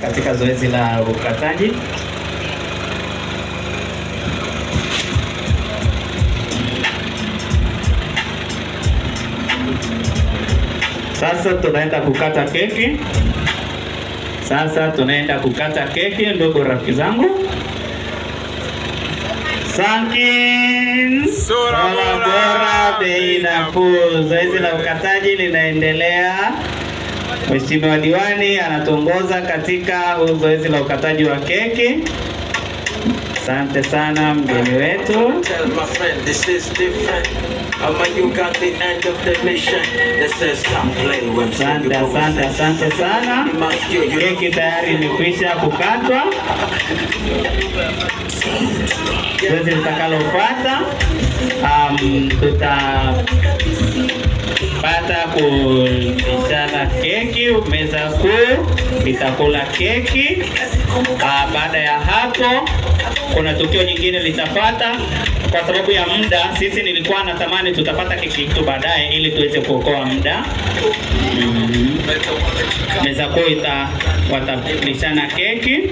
Katika zoezi la ukataji sasa, tunaenda kukata keki. Sasa tunaenda kukata keki, ndugu rafiki zangu. Sankins, sura bora, bei nafuu. Zoezi la ukataji linaendelea. Mheshimiwa Diwani anatuongoza katika zoezi la ukataji wa keki. Asante sana mgeni wetu. Asante, asante, asante sana. Keki tayari imekwisha kukatwa. Zoezi litakalofuata um, tuta kulishana keki, meza kuu litakula keki. Ah, baada ya hapo, kuna tukio nyingine litafata. Kwa sababu ya muda, sisi nilikuwa natamani tutapata keki tu baadaye, ili tuweze kuokoa muda. Mm-hmm. Meza kuu itawatalishana keki